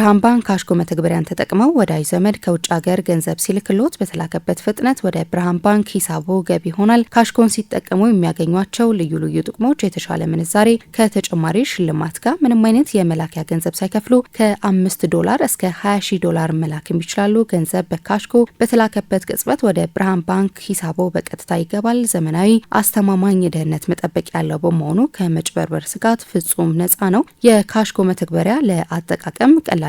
ብርሃን ባንክ ካሽኮ መተግበሪያን ተጠቅመው ወዳጅ ዘመድ ከውጭ ሀገር ገንዘብ ሲልክሎት በተላከበት ፍጥነት ወደ ብርሃን ባንክ ሂሳቦ ገቢ ይሆናል። ካሽጎን ሲጠቀሙ የሚያገኟቸው ልዩ ልዩ ጥቅሞች የተሻለ ምንዛሬ ከተጨማሪ ሽልማት ጋር ምንም አይነት የመላኪያ ገንዘብ ሳይከፍሉ ከአምስት ዶላር እስከ ሀያ ሺ ዶላር መላክ ይችላሉ። ገንዘብ በካሽጎ በተላከበት ቅጽበት ወደ ብርሃን ባንክ ሂሳቦ በቀጥታ ይገባል። ዘመናዊ፣ አስተማማኝ ደህንነት መጠበቅ ያለው በመሆኑ ከመጭበርበር ስጋት ፍጹም ነፃ ነው። የካሽጎ መተግበሪያ ለአጠቃቀም ቀላል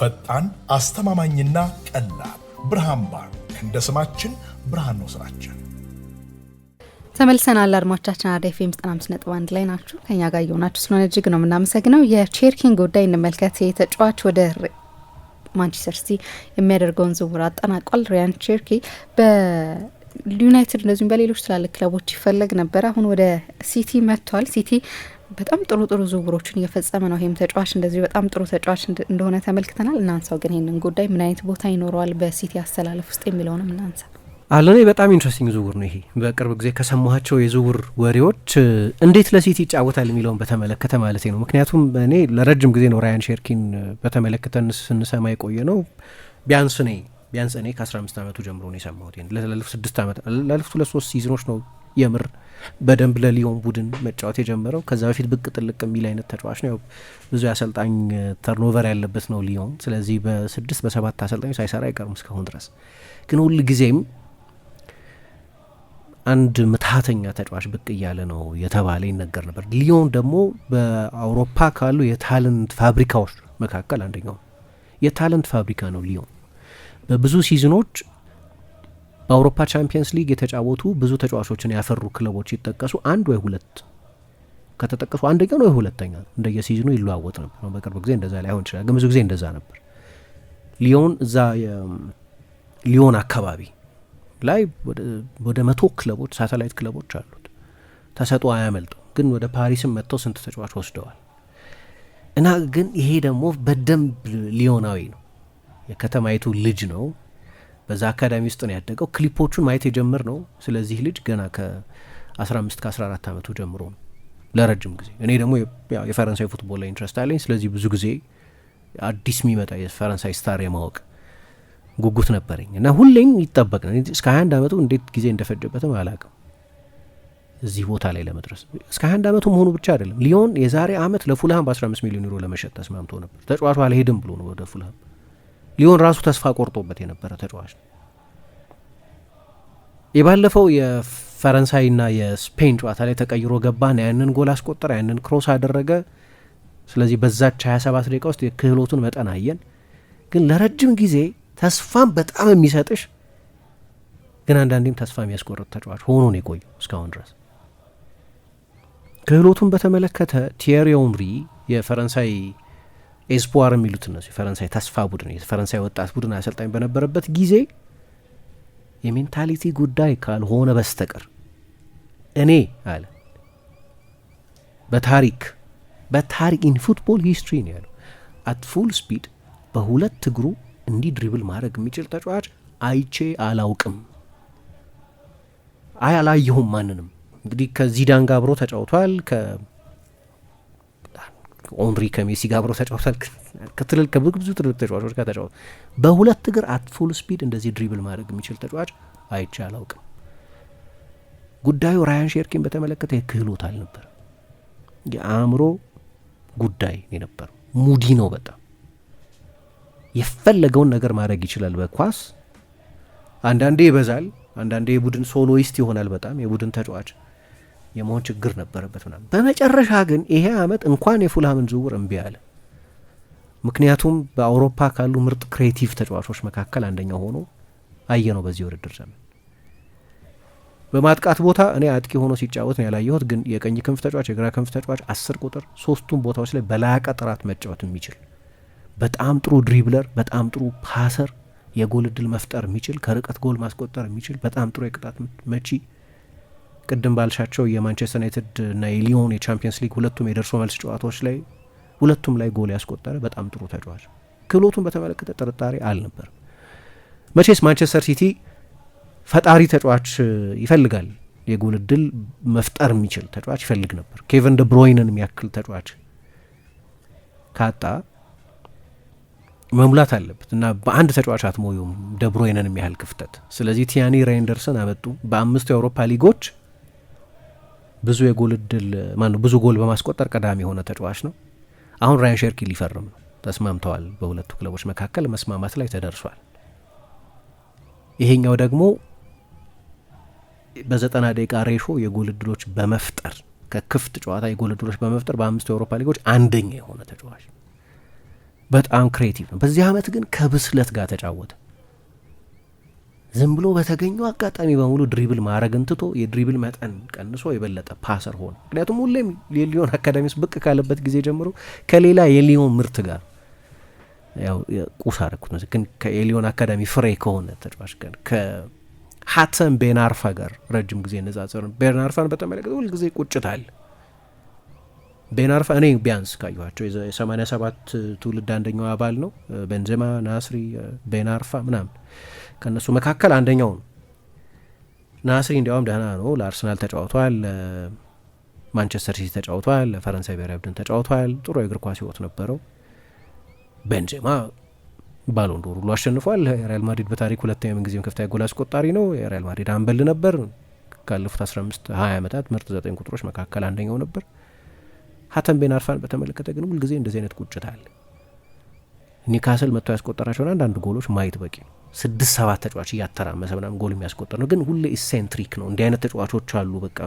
ፈጣን አስተማማኝና ቀላል ብርሃን ባንክ። እንደ ስማችን ብርሃን ነው ስራችን። ተመልሰናል። አድማቻችን አራዳ ኤፍ ኤም ዘጠና አምስት ነጥብ አንድ ላይ ናችሁ። ከኛ ጋር እየሆናችሁ ስለሆነ እጅግ ነው የምናመሰግነው። የቼርኪን ጉዳይ እንመልከት። የተጫዋች ወደ ማንቸስተር ሲቲ የሚያደርገውን ዝውውር አጠናቋል። ሪያን ቼርኪ በዩናይትድ እንደዚሁም በሌሎች ትላልቅ ክለቦች ይፈለግ ነበር። አሁን ወደ ሲቲ መጥቷል። ሲቲ በጣም ጥሩ ጥሩ ዝውውሮችን እየፈጸመ ነው። ይህም ተጫዋች እንደዚሁ በጣም ጥሩ ተጫዋች እንደሆነ ተመልክተናል። እናንሳው ግን ይህንን ጉዳይ ምን አይነት ቦታ ይኖረዋል በሲቲ አሰላለፍ ውስጥ የሚለውንም እናንሳ። አለኔ በጣም ኢንትረስቲንግ ዝውውር ነው ይሄ። በቅርብ ጊዜ ከሰማኋቸው የዝውውር ወሬዎች እንዴት ለሲቲ ይጫወታል የሚለውን በተመለከተ ማለት ነው። ምክንያቱም እኔ ለረጅም ጊዜ ነው ራያን ሼርኪን በተመለከተ ስንሰማ የቆየ ነው። ቢያንስ እኔ ቢያንስ እኔ ከ15 ዓመቱ ጀምሮ ነው የሰማሁት። ላለፉት ስድስት ዓመት ላለፉት ሁለት ሶስት ሲዝኖች ነው የምር በደንብ ለሊዮን ቡድን መጫወት የጀመረው ከዛ በፊት ብቅ ጥልቅ የሚል አይነት ተጫዋች ነው። ብዙ የአሰልጣኝ ተርኖቨር ያለበት ነው ሊዮን። ስለዚህ በስድስት በሰባት አሰልጣኝ ሳይሰራ አይቀርም እስካሁን ድረስ ግን ሁል ጊዜም አንድ ምትሀተኛ ተጫዋች ብቅ እያለ ነው የተባለ ይነገር ነበር። ሊዮን ደግሞ በአውሮፓ ካሉ የታለንት ፋብሪካዎች መካከል አንደኛው የታለንት ፋብሪካ ነው ሊዮን በብዙ ሲዝኖች በአውሮፓ ቻምፒየንስ ሊግ የተጫወቱ ብዙ ተጫዋቾችን ያፈሩ ክለቦች ይጠቀሱ አንድ ወይ ሁለት ከተጠቀሱ አንደኛው ነው ሁለተኛ ነው። እንደየሲዝኑ ይለዋወጥ ነበር። በቅርብ ጊዜ እንደዛ ላይሆን ይችላል፣ ግን ብዙ ጊዜ እንደዛ ነበር። ሊዮን እዛ ሊዮን አካባቢ ላይ ወደ መቶ ክለቦች ሳተላይት ክለቦች አሉት። ተሰጥኦ አያመልጠው። ግን ወደ ፓሪስም መጥተው ስንት ተጫዋች ወስደዋል እና ግን ይሄ ደግሞ በደንብ ሊዮናዊ ነው። የከተማይቱ ልጅ ነው። በዛ አካዳሚ ውስጥ ነው ያደገው። ክሊፖቹን ማየት የጀምር ነው ስለዚህ ልጅ ገና ከ አምስት ከ14 ዓመቱ ጀምሮ ነው ለረጅም ጊዜ። እኔ ደግሞ የፈረንሳይ ፉትቦል ላይ ኢንትረስት አለኝ። ስለዚህ ብዙ ጊዜ አዲስ የሚመጣ የፈረንሳይ ስታር የማወቅ ጉጉት ነበረኝ እና ሁሌም ይጠበቅ ነው። እስከ አንድ ዓመቱ እንዴት ጊዜ እንደፈጀበትም አላውቅም እዚህ ቦታ ላይ ለመድረስ። እስከ አንድ አመቱ መሆኑ ብቻ አይደለም፣ ሊዮን የዛሬ አመት ለፉልሃም በ አምስት ሚሊዮን ዩሮ ለመሸጥ ተስማምቶ ነበር። ተጫዋቹ አልሄድም ብሎ ነው ወደ ፉልሃም ሊሆን ራሱ ተስፋ ቆርጦበት የነበረ ተጫዋች ነው። የባለፈው የፈረንሳይና የስፔን ጨዋታ ላይ ተቀይሮ ና ያንን ጎል አስቆጠረ፣ ያንን ክሮስ አደረገ። ስለዚህ በዛች 27 ደቂቃ ውስጥ የክህሎቱን መጠን አየን። ግን ለረጅም ጊዜ ተስፋም በጣም የሚሰጥሽ ግን አንዳንዴም ተስፋ የሚያስቆርጥ ተጫዋች ሆኖ ነው የቆየው እስካሁን ድረስ። ክህሎቱን በተመለከተ ቲየሪ ኦንሪ የፈረንሳይ ኤስፖዋር የሚሉት እነሱ የፈረንሳይ ተስፋ ቡድን የፈረንሳይ ወጣት ቡድን አሰልጣኝ በነበረበት ጊዜ የሜንታሊቲ ጉዳይ ካልሆነ በስተቀር እኔ አለ በታሪክ በታሪክ ኢን ፉትቦል ሂስትሪ ነው ያለው አት ፉል ስፒድ በሁለት እግሩ እንዲህ ድሪብል ማድረግ የሚችል ተጫዋች አይቼ አላውቅም። አይ አላየሁም ማንንም። እንግዲህ ከዚዳን ጋር አብሮ ተጫውቷል። ኦንሪ ከሜሲ ጋር አብረው ተጫውታል። ከትልል ከብዙ ትልልቅ ተጫዋቾች ጋር ተጫውቷል። በሁለት እግር አት ፉል ስፒድ እንደዚህ ድሪብል ማድረግ የሚችል ተጫዋች አይቼ አላውቅም። ጉዳዩ ራያን ሼርኪን በተመለከተ የክህሎት አልነበር፣ የአእምሮ ጉዳይ የነበር ሙዲ ነው በጣም የፈለገውን ነገር ማድረግ ይችላል በኳስ አንዳንዴ ይበዛል፣ አንዳንዴ የቡድን ሶሎይስት ይሆናል። በጣም የቡድን ተጫዋች የመሆን ችግር ነበረበት ምናምን። በመጨረሻ ግን ይሄ አመት እንኳን የፉልሃምን ዝውውር እምቢ አለ። ምክንያቱም በአውሮፓ ካሉ ምርጥ ክሬቲቭ ተጫዋቾች መካከል አንደኛው ሆኖ አየ ነው በዚህ ውድድር ዘመን። በማጥቃት ቦታ እኔ አጥቂ ሆኖ ሲጫወት ነው ያላየሁት፣ ግን የቀኝ ክንፍ ተጫዋች፣ የግራ ክንፍ ተጫዋች፣ አስር ቁጥር ሶስቱም ቦታዎች ላይ በላቀ ጥራት መጫወት የሚችል በጣም ጥሩ ድሪብለር፣ በጣም ጥሩ ፓሰር፣ የጎል እድል መፍጠር የሚችል ከርቀት ጎል ማስቆጠር የሚችል በጣም ጥሩ የቅጣት መቺ ቅድም ባልሻቸው የማንቸስተር ዩናይትድ እና የሊዮን የቻምፒየንስ ሊግ ሁለቱም የደርሶ መልስ ጨዋታዎች ላይ ሁለቱም ላይ ጎል ያስቆጠረ በጣም ጥሩ ተጫዋች፣ ክህሎቱን በተመለከተ ጥርጣሬ አልነበርም። መቼስ ማንቸስተር ሲቲ ፈጣሪ ተጫዋች ይፈልጋል። የጎል እድል መፍጠር የሚችል ተጫዋች ይፈልግ ነበር። ኬቨን ደ ብሮይንን የሚያክል ተጫዋች ካጣ መሙላት አለበት እና በአንድ ተጫዋች አትሞዩም ደብሮይነን የሚያህል ክፍተት። ስለዚህ ቲያኒ ሬይንደርስን አመጡ። በአምስቱ የአውሮፓ ሊጎች ብዙ የጎል እድል ማ ብዙ ጎል በማስቆጠር ቀዳሚ የሆነ ተጫዋች ነው። አሁን ራያን ሼርኪ ሊፈርም ነው ተስማምተዋል። በሁለቱ ክለቦች መካከል መስማማት ላይ ተደርሷል። ይሄኛው ደግሞ በዘጠና ደቂቃ ሬሾ የጎል እድሎች በመፍጠር ከክፍት ጨዋታ የጎል እድሎች በመፍጠር በአምስት የአውሮፓ ሊጎች አንደኛ የሆነ ተጫዋች በጣም ክሬቲቭ ነው። በዚህ አመት ግን ከብስለት ጋር ተጫወተ። ዝም ብሎ በተገኘው አጋጣሚ በሙሉ ድሪብል ማድረግን ትቶ የድሪብል መጠን ቀንሶ የበለጠ ፓሰር ሆነ። ምክንያቱም ሁሌም የሊዮን አካዳሚ ውስጥ ብቅ ካለበት ጊዜ ጀምሮ ከሌላ የሊዮን ምርት ጋር ያው ቁስ አደረኩት ነው ግን ከኤሊዮን አካዳሚ ፍሬ ከሆነ ተጫዋች ጋር ከሀተን ቤናርፋ ጋር ረጅም ጊዜ ነጻጽር ቤናርፋን በተመለከተ ሁልጊዜ ቁጭት አለ። ቤናርፋ እኔ ቢያንስ ካየኋቸው የሰማኒያ ሰባት ትውልድ አንደኛው አባል ነው። ቤንዜማ፣ ናስሪ፣ ቤናርፋ ምናምን ከእነሱ መካከል አንደኛው ነው። ናስሪ እንዲያውም ደህና ነው። ለአርሰናል ተጫውቷል፣ ማንቸስተር ሲቲ ተጫውቷል፣ ለፈረንሳይ ብሔራዊ ቡድን ተጫውቷል። ጥሩ የእግር ኳስ ህይወት ነበረው። ቤንዜማ ባሎን ዶር ሁሉ አሸንፏል። የሪያል ማድሪድ በታሪክ ሁለተኛ ምንጊዜም ከፍተኛ ጎል አስቆጣሪ ነው። የሪያል ማድሪድ አንበል ነበር። ካለፉት 15 20 ዓመታት ምርጥ ዘጠኝ ቁጥሮች መካከል አንደኛው ነበር። ሀተም ቤን አርፋን በተመለከተ ግን ሁልጊዜ እንደዚህ አይነት ቁጭት አለ። ኒካስል መጥቶ ያስቆጠራቸውን አንዳንድ ጎሎች ማየት በቂ ነው። ስድስት ሰባት ተጫዋች እያተራመሰ ምናምን ጎል የሚያስቆጠር ነው፣ ግን ሁሌ ኢሴንትሪክ ነው። እንዲህ አይነት ተጫዋቾች አሉ፣ በቃ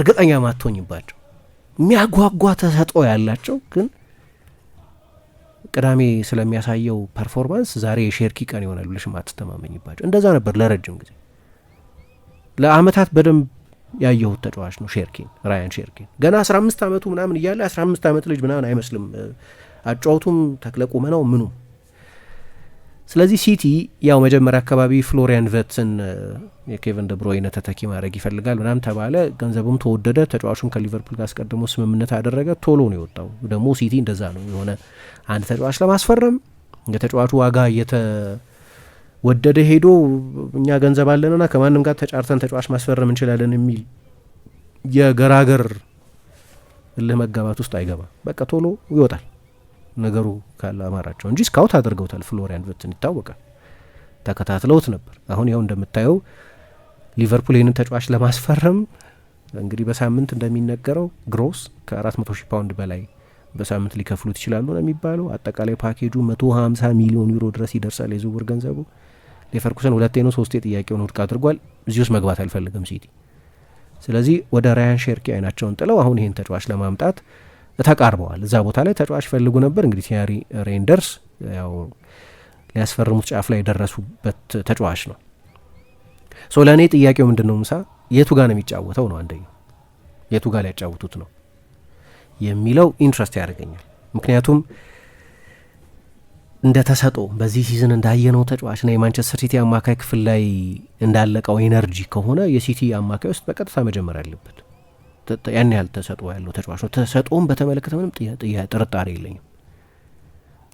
እርግጠኛ ማትሆኝባቸው የሚያጓጓ ተሰጥኦ ያላቸው ግን ቅዳሜ ስለሚያሳየው ፐርፎርማንስ ዛሬ የሼርኪ ቀን ይሆናል ብለሽ ማትተማመኝባቸው እንደዛ ነበር። ለረጅም ጊዜ ለአመታት በደንብ ያየሁት ተጫዋች ነው ሼርኪን፣ ራያን ሼርኪን ገና አስራ አምስት አመቱ ምናምን እያለ አስራ አምስት አመት ልጅ ምናምን አይመስልም አጫወቱም ተክለ ቁመናው ምኑ። ስለዚህ ሲቲ ያው መጀመሪያ አካባቢ ፍሎሪያን ቨትስን የኬቨን ደብሮይነ ተተኪ ማድረግ ይፈልጋል ምናምን ተባለ። ገንዘቡም ተወደደ። ተጫዋቹም ከሊቨርፑል ጋር አስቀድሞ ስምምነት አደረገ። ቶሎ ነው የወጣው። ደግሞ ሲቲ እንደዛ ነው የሆነ አንድ ተጫዋች ለማስፈረም የተጫዋቹ ዋጋ እየተወደደ ሄዶ እኛ ገንዘብ አለንና ከማንም ጋር ተጫርተን ተጫዋች ማስፈረም እንችላለን የሚል የገራገር እልህ መጋባት ውስጥ አይገባ። በቃ ቶሎ ይወጣል። ነገሩ ካለ አማራቸው እንጂ ስካውት አድርገውታል። ፍሎሪያን ቨትን ይታወቃል፣ ተከታትለውት ነበር። አሁን ያው እንደምታየው ሊቨርፑል ይህንን ተጫዋች ለማስፈረም እንግዲህ በሳምንት እንደሚነገረው ግሮስ ከ400 ሺህ ፓውንድ በላይ በሳምንት ሊከፍሉት ይችላሉ ነው የሚባለው። አጠቃላይ ፓኬጁ 150 ሚሊዮን ዩሮ ድረስ ይደርሳል የዝውውር ገንዘቡ። ሌቨርኩሰን ሁለቴ ነው ሶስቴ ጥያቄውን ውድቅ አድርጓል። እዚህ ውስጥ መግባት አልፈልግም ሲቲ። ስለዚህ ወደ ራያን ሼርኪ አይናቸውን ጥለው አሁን ይህን ተጫዋች ለማምጣት ተቃርበዋል። እዛ ቦታ ላይ ተጫዋች ፈልጉ ነበር። እንግዲህ ቲያሪ ሬንደርስ ያው ሊያስፈርሙት ጫፍ ላይ የደረሱበት ተጫዋች ነው። ሶ ለእኔ ጥያቄው ምንድን ነው? ምሳ የቱ ጋ ነው የሚጫወተው ነው አንደኛው። የቱ ጋ ሊያጫውቱት ነው የሚለው ኢንትረስት ያደርገኛል። ምክንያቱም እንደ ተሰጦ በዚህ ሲዝን እንዳየነው ተጫዋች ና የማንቸስተር ሲቲ አማካይ ክፍል ላይ እንዳለቀው ኤነርጂ ከሆነ የሲቲ አማካይ ውስጥ በቀጥታ መጀመር አለበት። ያን ያህል ተሰጥኦ ያለው ተጫዋች ነው። ተሰጥኦም በተመለከተ ምንም ጥርጣሬ የለኝም።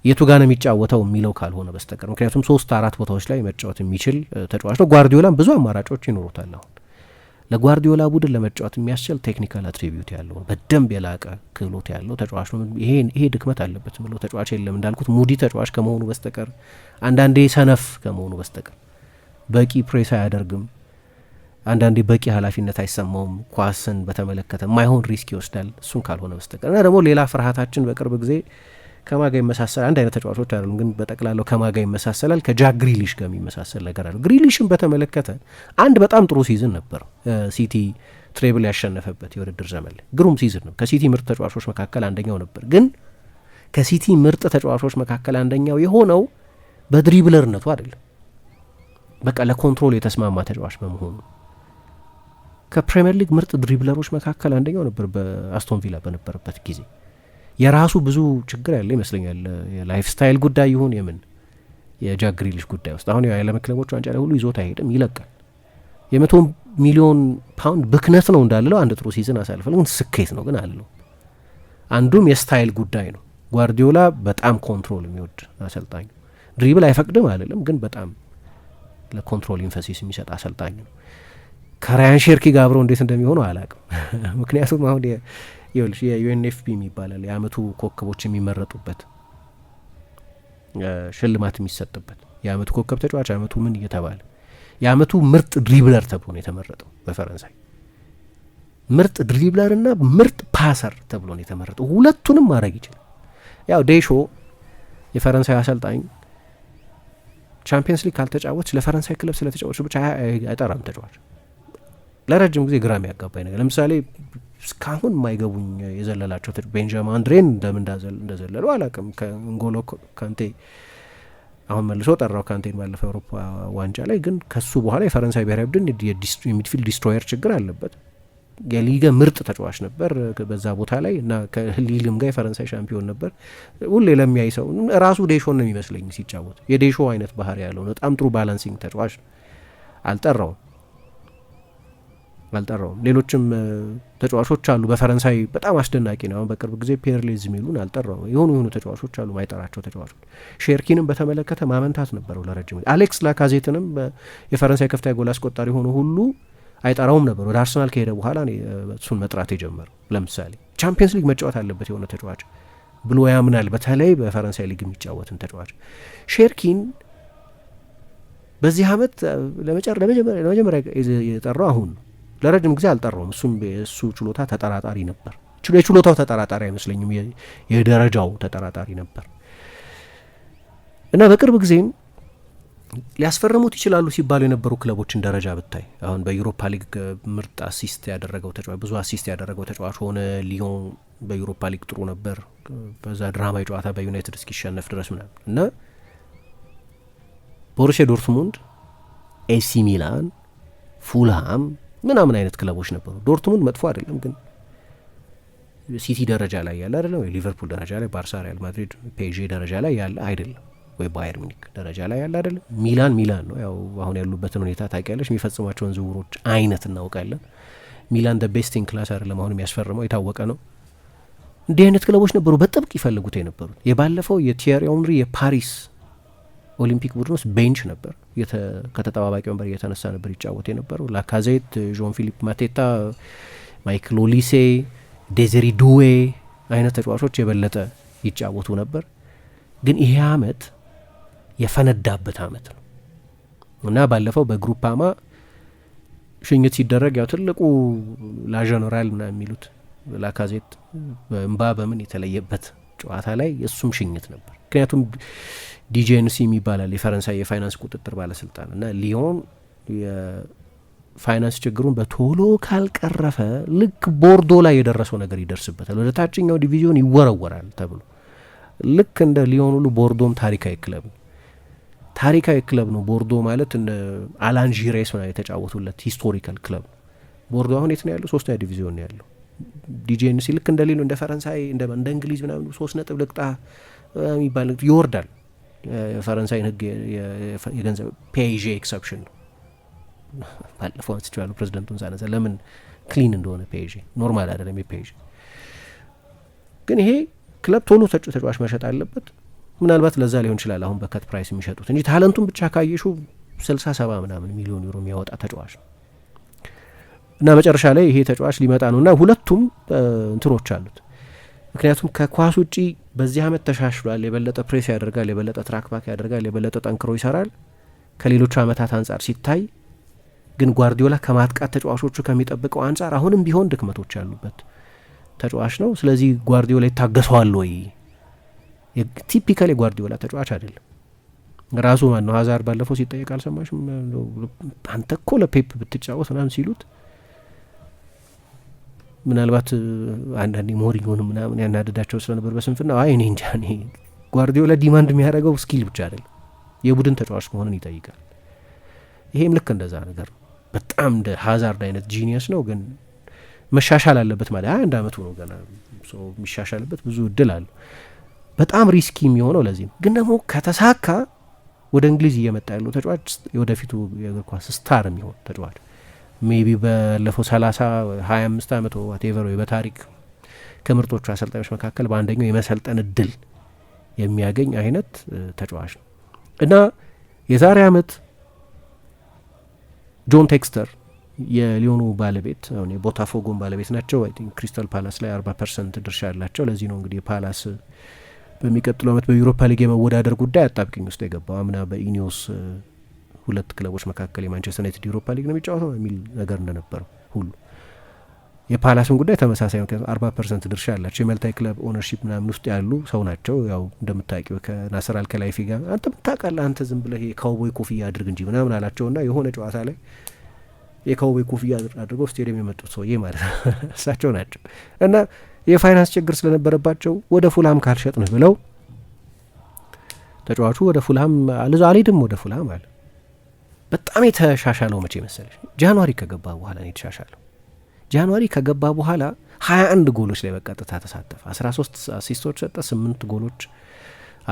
የቱ ጋር ነው የሚጫወተው የሚለው ካልሆነ በስተቀር ምክንያቱም ሶስት አራት ቦታዎች ላይ መጫወት የሚችል ተጫዋች ነው። ጓርዲዮላም ብዙ አማራጮች ይኖሩታል። አሁን ለጓርዲዮላ ቡድን ለመጫወት የሚያስችል ቴክኒካል አትሪቢዩት ያለው በደንብ የላቀ ክህሎት ያለው ተጫዋች ነው። ይሄ ድክመት አለበት ብሎ ተጫዋች የለም። እንዳልኩት ሙዲ ተጫዋች ከመሆኑ በስተቀር አንዳንዴ ሰነፍ ከመሆኑ በስተቀር በቂ ፕሬስ አያደርግም። አንዳንዴ በቂ ኃላፊነት አይሰማውም። ኳስን በተመለከተ ማይሆን ሪስክ ይወስዳል፣ እሱን ካልሆነ በስተቀር እና ደግሞ ሌላ ፍርሃታችን በቅርብ ጊዜ ከማጋ ይመሳሰላል። አንድ አይነት ተጫዋቾች አይደሉም፣ ግን በጠቅላላው ከማጋ ይመሳሰላል። ከጃክ ግሪሊሽ ጋር የሚመሳሰል ነገር አለ። ግሪሊሽን በተመለከተ አንድ በጣም ጥሩ ሲዝን ነበር፣ ሲቲ ትሬብል ያሸነፈበት የውድድር ዘመን ላይ ግሩም ሲዝን ነው። ከሲቲ ምርጥ ተጫዋቾች መካከል አንደኛው ነበር። ግን ከሲቲ ምርጥ ተጫዋቾች መካከል አንደኛው የሆነው በድሪብለርነቱ አይደለም፣ በቃ ለኮንትሮል የተስማማ ተጫዋች በመሆኑ ከፕሪምየር ሊግ ምርጥ ድሪብለሮች መካከል አንደኛው ነበር በአስቶን ቪላ በነበረበት ጊዜ። የራሱ ብዙ ችግር ያለ ይመስለኛል። የላይፍ ስታይል ጉዳይ ይሁን የምን የጃክ ግሪሊሽ ጉዳይ ውስጥ አሁን የዓለም ክለቦች ዋንጫ ላይ ሁሉ ይዞት አይሄድም፣ ይለቃል። የመቶ ሚሊዮን ፓውንድ ብክነት ነው እንዳልለው አንድ ጥሩ ሲዝን አሳልፈል፣ ግን ስኬት ነው ግን አለው። አንዱም የስታይል ጉዳይ ነው። ጓርዲዮላ በጣም ኮንትሮል የሚወድ አሰልጣኝ፣ ድሪብል አይፈቅድም አይደለም፣ ግን በጣም ለኮንትሮል ኢንፈሲስ የሚሰጥ አሰልጣኝ ነው። ከራያን ሼርኪ ጋር አብረው እንዴት እንደሚሆኑ አላቅም። ምክንያቱም አሁን ይኸውልሽ የዩኤንኤፍፒ የሚባላል የአመቱ ኮከቦች የሚመረጡበት ሽልማት የሚሰጥበት የአመቱ ኮከብ ተጫዋች አመቱ ምን እየተባለ የአመቱ ምርጥ ድሪብለር ተብሎ ነው የተመረጠው በፈረንሳይ ምርጥ ድሪብለር እና ምርጥ ፓሰር ተብሎ ነው የተመረጠው። ሁለቱንም ማድረግ ይችላል። ያው ዴሾ የፈረንሳይ አሰልጣኝ ቻምፒየንስ ሊግ ካልተጫወች ለፈረንሳይ ክለብ ስለተጫወች ብቻ አይጠራም ተጫዋች ለረጅም ጊዜ ግራ የሚያጋባኝ ነገር ለምሳሌ እስካሁን የማይገቡኝ የዘለላቸው ቤንጃማ አንድሬን እንደምን እንደዘለሉ አላቅም። ከንጎሎ ካንቴ አሁን መልሶ ጠራው ካንቴን ባለፈው አውሮፓ ዋንጫ ላይ ግን ከሱ በኋላ የፈረንሳይ ብሔራዊ ቡድን የሚድፊልድ ዲስትሮየር ችግር አለበት። የሊገ ምርጥ ተጫዋች ነበር በዛ ቦታ ላይ እና ከሊልም ጋር የፈረንሳይ ሻምፒዮን ነበር። ሁሌ ለሚያይ ሰው ራሱ ዴሾ ነው የሚመስለኝ ሲጫወት የዴሾ አይነት ባህሪ ያለው በጣም ጥሩ ባላንሲንግ ተጫዋች ነው። አልጠራውም አልጠራውም። ሌሎችም ተጫዋቾች አሉ። በፈረንሳይ በጣም አስደናቂ ነው። አሁን በቅርብ ጊዜ ፔርሌዝ የሚሉን አልጠራው። የሆኑ የሆኑ ተጫዋቾች አሉ ማይጠራቸው ተጫዋቾች። ሼርኪንም በተመለከተ ማመንታት ነበረው ለረጅም አሌክስ ላካዜትንም የፈረንሳይ ከፍተኛ ጎል አስቆጣሪ ሆኖ ሁሉ አይጠራውም ነበር። ወደ አርሰናል ከሄደ በኋላ እሱን መጥራት የጀመረው ለምሳሌ ቻምፒየንስ ሊግ መጫወት አለበት የሆነ ተጫዋች ብሎ ያምናል። በተለይ በፈረንሳይ ሊግ የሚጫወትን ተጫዋች ሼርኪን በዚህ አመት ለመጀመሪያ የጠራው አሁን ነው ለረጅም ጊዜ አልጠራውም። እሱም የእሱ ችሎታ ተጠራጣሪ ነበር። የችሎታው ተጠራጣሪ አይመስለኝም፣ የደረጃው ተጠራጣሪ ነበር እና በቅርብ ጊዜም ሊያስፈርሙት ይችላሉ ሲባሉ የነበሩ ክለቦችን ደረጃ ብታይ አሁን በዩሮፓ ሊግ ምርጥ አሲስት ያደረገው ተጫዋች ብዙ አሲስት ያደረገው ተጫዋች ሆነ። ሊዮን በዩሮፓ ሊግ ጥሩ ነበር፣ በዛ ድራማዊ ጨዋታ በዩናይትድ እስኪሸነፍ ድረስ ምናምን እና ቦሩሲያ ዶርትሙንድ፣ ኤሲ ሚላን፣ ፉልሃም ምናምን አይነት ክለቦች ነበሩ። ዶርትሙንድ መጥፎ አይደለም ግን ሲቲ ደረጃ ላይ ያለ አይደለም፣ ወይ ሊቨርፑል ደረጃ ላይ፣ ባርሳ፣ ሪያል ማድሪድ፣ ፔዤ ደረጃ ላይ ያለ አይደለም፣ ወይ ባየር ሚኒክ ደረጃ ላይ ያለ አይደለም። ሚላን ሚላን ነው። ያው አሁን ያሉበትን ሁኔታ ታውቂያለሽ፣ የሚፈጽሟቸውን ዝውውሮች አይነት እናውቃለን። ሚላን ደ ቤስቲንግ ክላስ አይደለም አሁን የሚያስፈርመው የታወቀ ነው። እንዲህ አይነት ክለቦች ነበሩ በጥብቅ ይፈልጉት የነበሩት። የባለፈው የቲየሪ ኦንሪ የፓሪስ ኦሊምፒክ ቡድን ውስጥ ቤንች ነበር። ከተጠባባቂ ወንበር እየተነሳ ነበር ይጫወት የነበረው። ላካዜት፣ ዦን ፊሊፕ ማቴታ፣ ማይክል ኦሊሴ፣ ዴዘሪ ዱዌ አይነት ተጫዋቾች የበለጠ ይጫወቱ ነበር። ግን ይሄ አመት የፈነዳበት አመት ነው እና ባለፈው በግሩፓማ ሽኝት ሲደረግ ያው ትልቁ ላጀኖራል ና የሚሉት ላካዜት በእንባ በምን የተለየበት ጨዋታ ላይ እሱም ሽኝት ነበር። ምክንያቱም ዲጄንሲ የሚባላል የፈረንሳይ የፋይናንስ ቁጥጥር ባለስልጣን እና ሊዮን የፋይናንስ ችግሩን በቶሎ ካልቀረፈ ልክ ቦርዶ ላይ የደረሰው ነገር ይደርስበታል፣ ወደ ታችኛው ዲቪዚዮን ይወረወራል ተብሎ ልክ እንደ ሊዮን ሁሉ ቦርዶም ታሪካዊ ክለብ ነው። ታሪካዊ ክለብ ነው ቦርዶ ማለት እንደ አላን ዢሬስ የተጫወቱለት ሂስቶሪካል ክለብ ነው። ቦርዶ አሁን የት ነው ያለው? ሶስተኛ ዲቪዚዮን ነው ያለው። ዲጄንሲ ልክ እንደ ሌሎ እንደ ፈረንሳይ እንደ እንግሊዝ ምናምን ሶስት ነጥብ ልቅጣ የሚባል ይወርዳል የፈረንሳይን ህግ የገንዘብ ፒያዤ ኤክሰፕሽን ነው። ባለፈው አንስቼዋለሁ ፕሬዚደንቱን ሳነሳ ለምን ክሊን እንደሆነ ፒያዤ ኖርማል አይደለም። የፒያዤ ግን ይሄ ክለብ ቶሎ ተጫዋች መሸጥ አለበት። ምናልባት ለዛ ሊሆን ይችላል አሁን በከት ፕራይስ የሚሸጡት እንጂ ታለንቱን ብቻ ካየሹ ስልሳ ሰባ ምናምን ሚሊዮን ዩሮ የሚያወጣ ተጫዋች ነው እና መጨረሻ ላይ ይሄ ተጫዋች ሊመጣ ነው እና ሁለቱም እንትኖች አሉት ምክንያቱም ከኳስ ውጪ በዚህ ዓመት ተሻሽሏል። የበለጠ ፕሬስ ያደርጋል፣ የበለጠ ትራክባክ ያደርጋል፣ የበለጠ ጠንክሮ ይሰራል ከሌሎቹ ዓመታት አንጻር ሲታይ ግን ጓርዲዮላ ከማጥቃት ተጫዋቾቹ ከሚጠብቀው አንጻር አሁንም ቢሆን ድክመቶች ያሉበት ተጫዋች ነው። ስለዚህ ጓርዲዮላ ይታገሰዋል ወይ? ቲፒካል የጓርዲዮላ ተጫዋች አይደለም። ራሱ ማነው ሀዛር ባለፈው ሲጠየቅ አልሰማሽም? አንተ እኮ ለፔፕ ብትጫወት ምናምን ሲሉት ምናልባት አንዳንዴ ሞሪኞን ምናምን ያናደዳቸው ስለነበር በስንፍና አይ እኔ እንጃ እኔ ጓርዲዮላ ዲማንድ የሚያደርገው ስኪል ብቻ አይደለም የቡድን ተጫዋች መሆንን ይጠይቃል። ይሄም ልክ እንደዛ ነገር በጣም እንደ ሀዛርድ አይነት ጂኒየስ ነው፣ ግን መሻሻል አለበት ማለት አንድ አመቱ ነው ገና ሰው የሚሻሻልበት ብዙ እድል አለ በጣም ሪስኪ የሚሆነው ለዚህ ነው። ግን ደግሞ ከተሳካ ወደ እንግሊዝ እየመጣ ያለው ተጫዋች የወደፊቱ የእግር ኳስ ስታር የሚሆን ተጫዋች ሜቢ ባለፈው ሰላሳ ሀያ አምስት አመት ዋቴቨር ወይ በታሪክ ከምርጦቹ አሰልጣኞች መካከል በአንደኛው የመሰልጠን እድል የሚያገኝ አይነት ተጫዋች ነው እና የዛሬ አመት ጆን ቴክስተር የሊዮኑ ባለቤት አሁን የቦታፎጎን ባለቤት ናቸው። አይ ቲንክ ክሪስታል ፓላስ ላይ አርባ ፐርሰንት ድርሻ ያላቸው። ለዚህ ነው እንግዲህ ፓላስ በሚቀጥለው አመት በዩሮፓ ሊግ የመወዳደር ጉዳይ አጣብቂኝ ውስጥ የገባው አምና በኢኒዮስ ሁለት ክለቦች መካከል የማንቸስተር ዩናይትድ ዩሮፓ ሊግ ነው የሚጫወተው የሚል ነገር እንደነበረው ሁሉ የፓላስን ጉዳይ ተመሳሳይ ምክንያቱ አርባ ፐርሰንት ድርሻ ያላቸው የመልታይ ክለብ ኦነርሺፕ ምናምን ውስጥ ያሉ ሰው ናቸው። ያው እንደምታውቂው ከናስር አልከላይፊ ጋር አንተ ምታውቃለህ፣ አንተ ዝም ብለህ የካውቦይ ኮፍያ አድርግ እንጂ ምናምን አላቸው ና የሆነ ጨዋታ ላይ የካውቦይ ኮፍያ አድርገው ስቴዲየም የመጡት ሰውዬ ማለት ነው እሳቸው ናቸው። እና የፋይናንስ ችግር ስለነበረባቸው ወደ ፉልሃም ካልሸጥንህ ብለው ተጫዋቹ ወደ ፉልሃም አልሄድም ወደ ፉላም አለ በጣም የተሻሻለው መቼ መሰለሽ ጃንዋሪ ከገባ በኋላ ነው የተሻሻለው። ጃንዋሪ ከገባ በኋላ ሀያ አንድ ጎሎች ላይ በቀጥታ ተሳተፈ። አስራ ሶስት አሲስቶች ሰጠ፣ ስምንት ጎሎች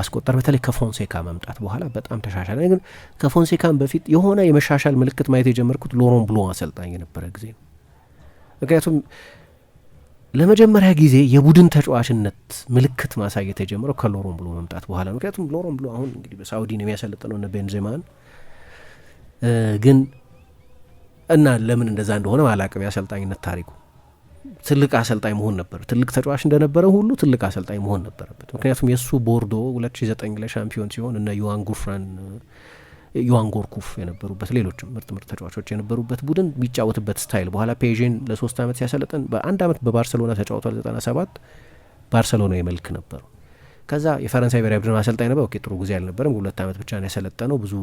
አስቆጠር። በተለይ ከፎንሴካ መምጣት በኋላ በጣም ተሻሻለ። ግን ከፎንሴካን በፊት የሆነ የመሻሻል ምልክት ማየት የጀመርኩት ሎሮን ብሎ አሰልጣኝ የነበረ ጊዜ ነው። ምክንያቱም ለመጀመሪያ ጊዜ የቡድን ተጫዋችነት ምልክት ማሳየት የጀመረው ከሎሮን ብሎ መምጣት በኋላ። ምክንያቱም ሎሮን ብሎ አሁን እንግዲህ በሳውዲ ነው የሚያሰለጥነው ነ ቤንዜማን ግን እና ለምን እንደዛ እንደሆነ አላቅም። የአሰልጣኝነት ታሪኩ ትልቅ አሰልጣኝ መሆን ነበር። ትልቅ ተጫዋች እንደነበረ ሁሉ ትልቅ አሰልጣኝ መሆን ነበረበት። ምክንያቱም የእሱ ቦርዶ 2009 ላይ ሻምፒዮን ሲሆን እነ ዮሃን ጉርፍራን ዮሃን ጎርኩፍ የነበሩበት ሌሎችም ምርጥ ምርጥ ተጫዋቾች የነበሩበት ቡድን የሚጫወትበት ስታይል በኋላ ፔዥን ለሶስት ዓመት ሲያሰለጥን በአንድ ዓመት በባርሰሎና ተጫውቷል። 97 ባርሰሎና የመልክ ነበሩ። ከዛ የፈረንሳይ ብሔራዊ ቡድን አሰልጣኝ ነበር። ኦኬ ጥሩ ጊዜ አልነበረም። ሁለት ዓመት ብቻ ነው ያሰለጠነው ብዙ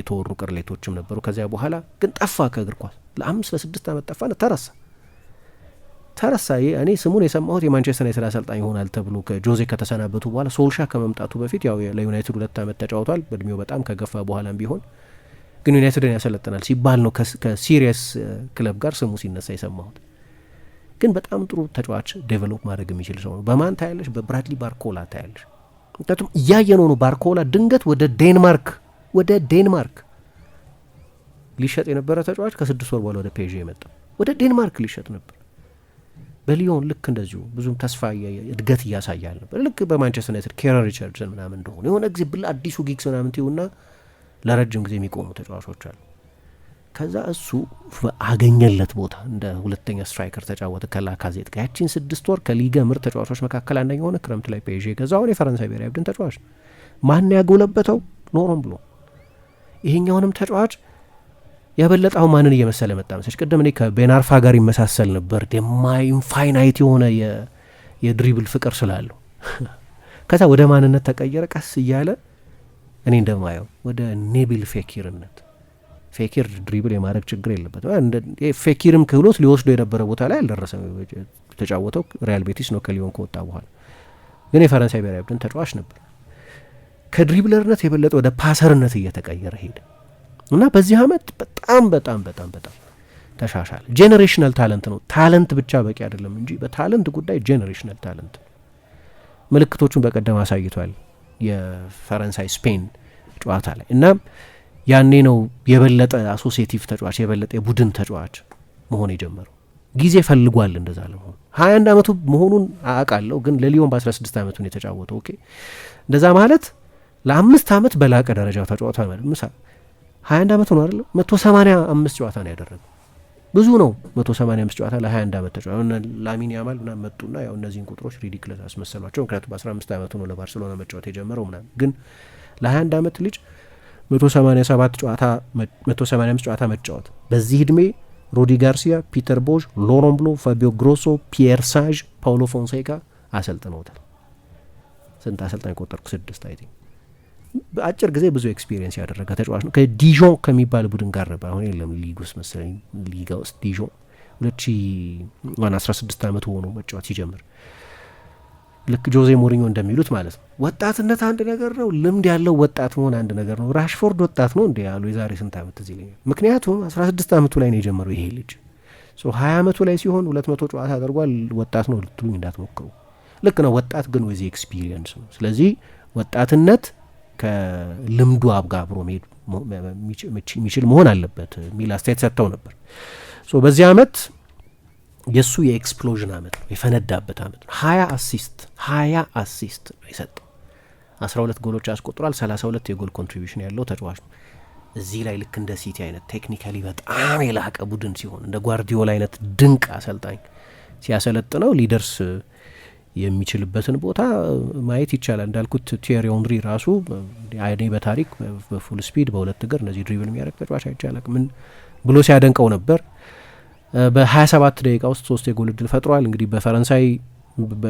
የተወሩ ቅርሌቶችም ነበሩ። ከዚያ በኋላ ግን ጠፋ ከእግር ኳስ ለአምስት ለስድስት ዓመት ጠፋ። ተረሳ ተረሳ። እኔ ስሙን የሰማሁት የማንቸስተር ዩናይትድ አሰልጣኝ ይሆናል ተብሎ ከጆዜ ከተሰናበቱ በኋላ ሶልሻ ከመምጣቱ በፊት ያው ለዩናይትድ ሁለት ዓመት ተጫውቷል። በእድሜው በጣም ከገፋ በኋላም ቢሆን ግን ዩናይትድን ያሰለጥናል ሲባል ነው ከሲሪየስ ክለብ ጋር ስሙ ሲነሳ የሰማሁት። ግን በጣም ጥሩ ተጫዋች ዴቨሎፕ ማድረግ የሚችል ሰው ነው። በማን ታያለሽ? በብራድሊ ባርኮላ ታያለሽ። ምክንያቱም እያየነው ነው። ባርኮላ ድንገት ወደ ዴንማርክ ወደ ዴንማርክ ሊሸጥ የነበረ ተጫዋች ከስድስት ወር በኋላ ወደ ፔዥ የመጣ ወደ ዴንማርክ ሊሸጥ ነበር። በሊዮን ልክ እንደዚሁ ብዙም ተስፋ እድገት እያሳያል ነበር። ልክ በማንቸስተር ዩናይትድ ኬረን ሪቻርድሰን ምናምን እንደሆኑ የሆነ ጊዜ ብላ አዲሱ ጊግስ ምናምን ትዩና ለረጅም ጊዜ የሚቆሙ ተጫዋቾች አሉ። ከዛ እሱ አገኘለት ቦታ እንደ ሁለተኛ ስትራይከር ተጫወተ ከላካዜት ጋር ያቺን ስድስት ወር ከሊገ ምርጥ ተጫዋቾች መካከል አንደኛ የሆነ ክረምት ላይ ፔዥ አሁን የፈረንሳይ ብሔራዊ ቡድን ተጫዋች ማን ያጎለበተው ኖሮም ብሎ ይሄኛውንም ተጫዋች ያበለጣው ማንን እየመሰለ መጣ መሰለሽ? ቅድም እኔ ከቤናርፋ ጋር ይመሳሰል ነበር። ደማ ኢንፋይናይት የሆነ የድሪብል ፍቅር ስላለው ከዛ ወደ ማንነት ተቀየረ ቀስ እያለ እኔ እንደማየው ወደ ኔቢል ፌኪርነት። ፌኪር ድሪብል የማድረግ ችግር የለበትም። ፌኪርም ክህሎት ሊወስዶ የነበረ ቦታ ላይ አልደረሰም። የተጫወተው ሪያል ቤቲስ ነው ከሊዮን ከወጣ በኋላ ግን የፈረንሳይ ብሔራዊ ቡድን ተጫዋች ነበር። ከድሪብለርነት የበለጠ ወደ ፓሰርነት እየተቀየረ ሄደ እና በዚህ አመት በጣም በጣም በጣም በጣም ተሻሻለ። ጄኔሬሽናል ታለንት ነው። ታለንት ብቻ በቂ አይደለም እንጂ በታለንት ጉዳይ ጄኔሬሽናል ታለንት ምልክቶቹን በቀደም አሳይቷል የፈረንሳይ ስፔን ጨዋታ ላይ እና ያኔ ነው የበለጠ አሶሲቲቭ ተጫዋች የበለጠ የቡድን ተጫዋች መሆን የጀመረው። ጊዜ ፈልጓል እንደዛ ለመሆኑ። ሀያ አንድ አመቱ መሆኑን አውቃለሁ፣ ግን ለሊዮን በ 1 አመቱ ነው የተጫወተው። ኦኬ እንደዛ ማለት ለአምስት ዓመት በላቀ ደረጃ ተጫዋታ ምሳ ሀያ አንድ ዓመት ሆኖ አይደለ መቶ ሰማንያ አምስት ጨዋታ ነው ያደረገው። ብዙ ነው መቶ ሰማንያ አምስት ጨዋታ ለሀያ አንድ ዓመት ተጫዋ ላሚን ያማል ምናምን መጡና ያው እነዚህን ቁጥሮች ሪዲክለስ አስመሰሏቸው። ምክንያቱም በአስራ አምስት ዓመት ሆኖ ለባርሴሎና መጫወት የጀመረው ምናምን ግን ለሀያ አንድ ዓመት ልጅ መቶ ሰማንያ ሰባት ጨዋታ መቶ አምስት ጨዋታ መጫወት በዚህ እድሜ ሮዲ ጋርሲያ፣ ፒተር ቦዥ፣ ሎሮን ብሎ፣ ፋቢዮ ግሮሶ፣ ፒየር ሳዥ፣ ፓውሎ ፎንሴካ አሰልጥነውታል። ስንት አሰልጣኝ ቆጠርኩ? ስድስት አይ በአጭር ጊዜ ብዙ ኤክስፒሪየንስ ያደረገ ተጫዋች ነው። ከዲዦ ከሚባል ቡድን ጋር አሁን የለም ሊግ ውስጥ መሰለኝ ሊጋ ውስጥ ዲዦ ሁለት ሺ ዋና አስራ ስድስት አመቱ ሆኖ መጫወት ሲጀምር ልክ ጆዜ ሞሪኞ እንደሚሉት ማለት ነው። ወጣትነት አንድ ነገር ነው። ልምድ ያለው ወጣት መሆን አንድ ነገር ነው። ራሽፎርድ ወጣት ነው እንዲ ያሉ የዛሬ ስንት ዓመት እዚህ ይለኛል። ምክንያቱም አስራ ስድስት ዓመቱ ላይ ነው የጀመረው ይሄ ልጅ ሀያ ዓመቱ ላይ ሲሆን ሁለት መቶ ጨዋታ አድርጓል። ወጣት ነው ልትሉኝ እንዳትሞክሩ። ልክ ነው። ወጣት ግን ወዚህ ኤክስፒሪየንስ ነው። ስለዚህ ወጣትነት ከልምዱ አብጋ አብሮ መሄድ የሚችል መሆን አለበት የሚል አስተያየት ሰጥተው ነበር። በዚህ አመት የእሱ የኤክስፕሎዥን አመት ነው፣ የፈነዳበት አመት ነው። ሀያ አሲስት ሀያ አሲስት ነው የሰጠው። አስራ ሁለት ጎሎች አስቆጥሯል። ሰላሳ ሁለት የጎል ኮንትሪቢሽን ያለው ተጫዋች ነው። እዚህ ላይ ልክ እንደ ሲቲ አይነት ቴክኒካሊ በጣም የላቀ ቡድን ሲሆን እንደ ጓርዲዮላ አይነት ድንቅ አሰልጣኝ ሲያሰለጥነው ሊደርስ የሚችልበትን ቦታ ማየት ይቻላል። እንዳልኩት ቲዬሪ ኦንሪ ራሱ እኔ በታሪክ በፉል ስፒድ በሁለት እግር እነዚህ ድሪብል የሚያደርግ ተጫዋች አይቻላል ምን ብሎ ሲያደንቀው ነበር። በ27 ደቂቃ ውስጥ ሶስት የጎል እድል ፈጥሯል። እንግዲህ በፈረንሳይ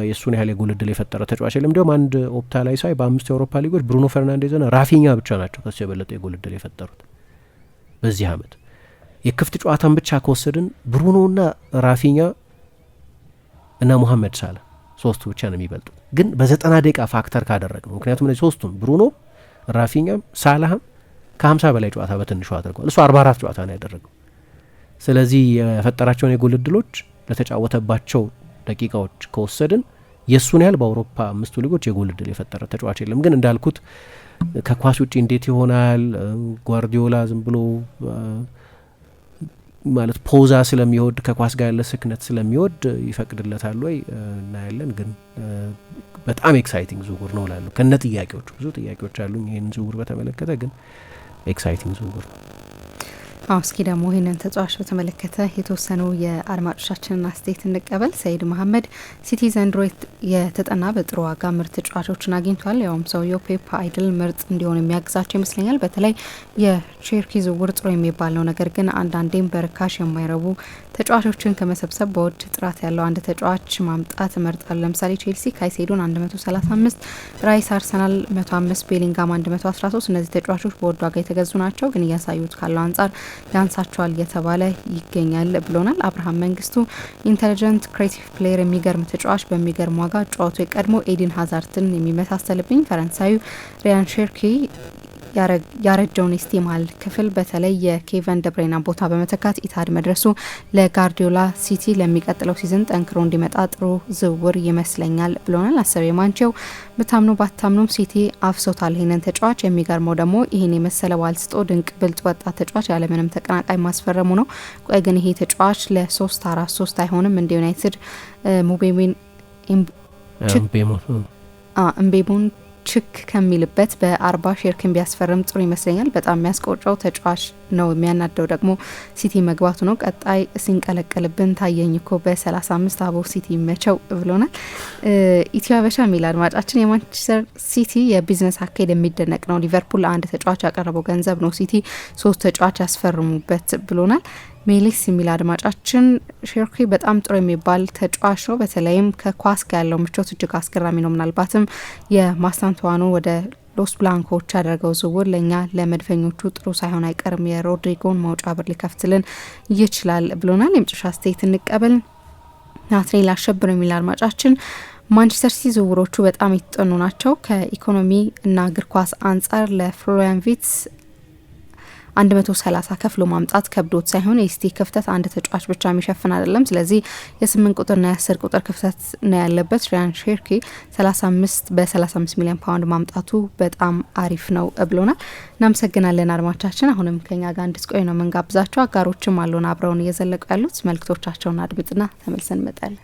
የእሱን ያህል የጎል እድል የፈጠረ ተጫዋች የለም። እንዲሁም አንድ ኦፕታ ላይ ሳይ በአምስት የአውሮፓ ሊጎች ብሩኖ ፈርናንዴዝና ራፊኛ ብቻ ናቸው ከሱ የበለጠ የጎል እድል የፈጠሩት በዚህ አመት። የክፍት ጨዋታን ብቻ ከወሰድን ብሩኖና ራፊኛ እና ሙሐመድ ሳላ ሶስቱ ብቻ ነው የሚበልጡ ግን በዘጠና ደቂቃ ፋክተር ካደረግ ነው። ምክንያቱም እነዚህ ሶስቱም ብሩኖ ራፊኛም ሳላህም ከሀምሳ በላይ ጨዋታ በትንሹ አድርገዋል። እሱ አራት ጨዋታ ነው ያደረገው። ስለዚህ የፈጠራቸውን የጎል እድሎች ለተጫወተባቸው ደቂቃዎች ከወሰድን የእሱን ያህል በአውሮፓ አምስቱ ሊጎች የጎል እድል የፈጠረ ተጫዋች የለም። ግን እንዳልኩት ከኳስ ውጭ እንዴት ይሆናል ጓርዲዮላ ዝም ብሎ ማለት ፖዛ ስለሚወድ ከኳስ ጋር ያለ ስክነት ስለሚወድ ይፈቅድለታል ወይ እናያለን። ግን በጣም ኤክሳይቲንግ ዝውውር ነው ላሉ ከነ ጥያቄዎቹ ብዙ ጥያቄዎች አሉ ይህን ዝውውር በተመለከተ ግን ኤክሳይቲንግ ዝውውር ነው። እስኪ ደግሞ ይህንን ተጫዋች በተመለከተ የተወሰኑ የአድማጮቻችንን አስተያየት እንቀበል። ሰይድ መሀመድ ሲቲ ዘንድሮ የተጠና በጥሩ ዋጋ ምርት ተጫዋቾችን አግኝቷል። ያውም ሰውየው ፔፕ አይድል ምርጥ እንዲሆን የሚያግዛቸው ይመስለኛል። በተለይ የቼርኪ ዝውውር ጥሩ የሚባል ነው። ነገር ግን አንዳንዴም በርካሽ የማይረቡ ተጫዋቾችን ከመሰብሰብ በውድ ጥራት ያለው አንድ ተጫዋች ማምጣት እመርጣለሁ። ለምሳሌ ቼልሲ ካይሴዶን 135፣ ራይስ አርሰናል 105፣ ቤሊንጋም 113። እነዚህ ተጫዋቾች በውድ ዋጋ የተገዙ ናቸው፣ ግን እያሳዩት ካለው አንጻር ያንሳቸዋል እየተባለ ይገኛል ብሎናል። አብርሃም መንግስቱ ኢንተሊጀንት ክሬቲቭ ፕሌየር፣ የሚገርም ተጫዋች በሚገርም ዋጋ ጨዋቱ የቀድሞ ኤዲን ሀዛርትን የሚመሳሰልብኝ ፈረንሳዩ ሪያን ሼርኪ ያረጀውን ኢስቲማል ክፍል በተለይ የኬቨን ደብሬና ቦታ በመተካት ኢታድ መድረሱ ለጋርዲዮላ ሲቲ ለሚቀጥለው ሲዝን ጠንክሮ እንዲመጣ ጥሩ ዝውውር ይመስለኛል ብሎናል። አሰብ የማንቼው ብታምኖ ባታምኑም ሲቲ አፍሶታል ይህንን ተጫዋች። የሚገርመው ደግሞ ይህን የመሰለ ባልስጦ ድንቅ ብልጥ ወጣት ተጫዋች ያለምንም ተቀናቃይ ማስፈረሙ ነው። ቆይ ግን ይሄ ተጫዋች ለሶስት አራት ሶስት አይሆንም እንደ ዩናይትድ ሙቤቤን እምቤሙን ችክ ከሚልበት በአርባ ሼርክን ቢያስፈርም ጥሩ ይመስለኛል። በጣም የሚያስቆጨው ተጫዋች ነው። የሚያናደው ደግሞ ሲቲ መግባቱ ነው። ቀጣይ ሲንቀለቀልብን ታየኝ እኮ በ35 አቦ ሲቲ መቸው ብሎናል። ኢትዮ አበሻ የሚል አድማጫችን የማንቸስተር ሲቲ የቢዝነስ አካሄድ የሚደነቅ ነው። ሊቨርፑል ለአንድ ተጫዋች ያቀረበው ገንዘብ ነው ሲቲ ሶስት ተጫዋች ያስፈርሙበት ብሎናል። ሜሊስ የሚል አድማጫችን ሼርኪ በጣም ጥሩ የሚባል ተጫዋች ነው። በተለይም ከኳስ ጋር ያለው ምቾት እጅግ አስገራሚ ነው። ምናልባትም የማስታንተዋኑ ወደ ሎስ ብላንኮዎች ያደረገው ዝውውር ለእኛ ለመድፈኞቹ ጥሩ ሳይሆን አይቀርም፣ የሮድሪጎን መውጫ በር ሊከፍትልን ይችላል ብሎናል። የመጨረሻ አስተያየት እንቀበል። ናትሬ ላሸብር የሚል አድማጫችን ማንቸስተር ሲቲ ዝውውሮቹ በጣም የተጠኑ ናቸው። ከኢኮኖሚ እና እግር ኳስ አንጻር ለፍሎሪያን ቪትስ 130 ከፍሎ ማምጣት ከብዶት ሳይሆን የሲቲ ክፍተት አንድ ተጫዋች ብቻ የሚሸፍን አይደለም። ስለዚህ የ8 ቁጥርና የ10 ቁጥር ክፍተት ነው ያለበት። ሪያን ሼርኪ 35 በ35 ሚሊዮን ፓውንድ ማምጣቱ በጣም አሪፍ ነው ብሎናል። እናመሰግናለን አድማቻችን። አሁንም ከኛ ጋር እንድትቆዩ ነው መንጋብዛቸው። አጋሮችም አሉን አብረውን እየዘለቁ ያሉት መልክቶቻቸውን አድምጥና ተመልሰን እንመጣለን።